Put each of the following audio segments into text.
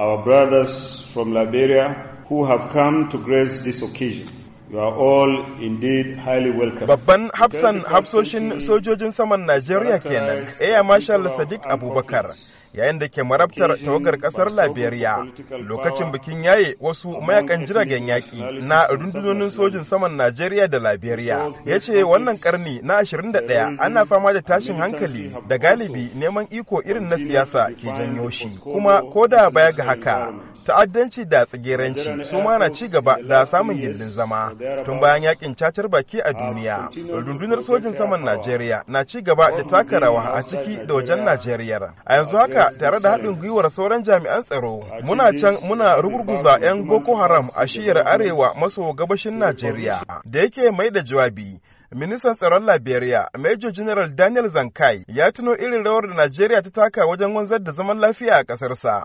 our brothers from Liberia who have come to grace this occasion. You are all indeed highly welcome. Babban hafsan hafsoshin sojojin saman Najeriya kenan, Air Marshal Sadiq Abubakar. yayin da ke marabtar tawagar kasar liberia lokacin bikin yaye wasu mayakan jiragen yaƙi na rundunonin sojin saman najeriya da liberia ya ce wannan karni na 21 ana fama da tashin hankali da galibi neman iko irin na siyasa ke janyo shi kuma ko da baya ga haka ta'addanci da tsigeranci su ma na ci gaba da samun gindin zama tun bayan yakin cacar baki a duniya rundunar sojin saman najeriya na ci gaba da taka rawa a ciki da wajen najeriya a yanzu haka haka tare da haɗin gwiwar sauran jami'an tsaro muna can muna rugurguza 'yan Boko Haram a shiyar arewa maso gabashin Najeriya. Da yake mai da jawabi, ministan tsaron liberia major general daniel zankai ya tuno irin rawar da najeriya ta taka wajen wanzar da zaman lafiya a ƙasarsa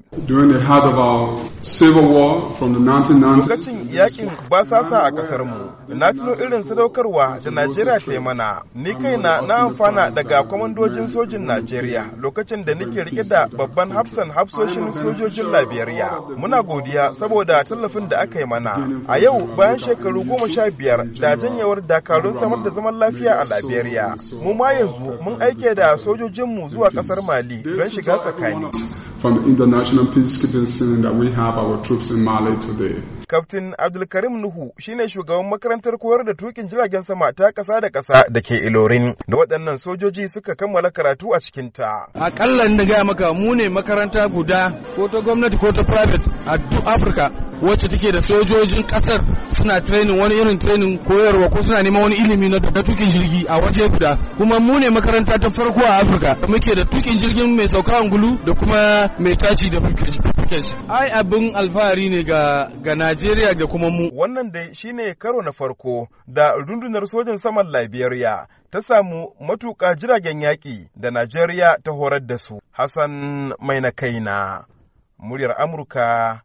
lokacin yakin basasa a ƙasarmu na tuno irin sadaukarwa da najeriya ta yi mana ni kaina na amfana daga kwamandojin sojin najeriya lokacin da nake rike da babban hafsan hafsoshin sojojin liberia muna godiya saboda tallafin da aka yi mana a yau bayan shekaru goma sha biyar da janyewar dakarun samar da zaman lafiya a liberia mu ma yanzu mun aike da sojojinmu zuwa kasar mali don shiga tsakani from international peacekeeping scene that we have our troops in Mali today. Kaftin Abdulkarim Nuhu shine shugaban makarantar koyar da tukin jiragen sama ta ƙasa da ƙasa da ke Ilorin da waɗannan sojoji suka kammala karatu a cikin ta. Akalla da gaya maka mu ne makaranta guda ko ta gwamnati ko ta private a duk Afirka wacce take da sojojin kasar suna training wani irin training koyarwa ko suna neman wani ilimi na da tukin jirgi a waje guda kuma mu ne makaranta ta farko a Afirka da muke da tukin jirgin mai sauka angulu da kuma mai tashi da fukashi ai abin alfahari ne ga ga Najeriya da kuma mu wannan dai shine karo na farko da rundunar sojan saman Liberia ta samu matuƙa jiragen yaƙi da Najeriya ta horar da su Hassan mai na kaina muryar Amurka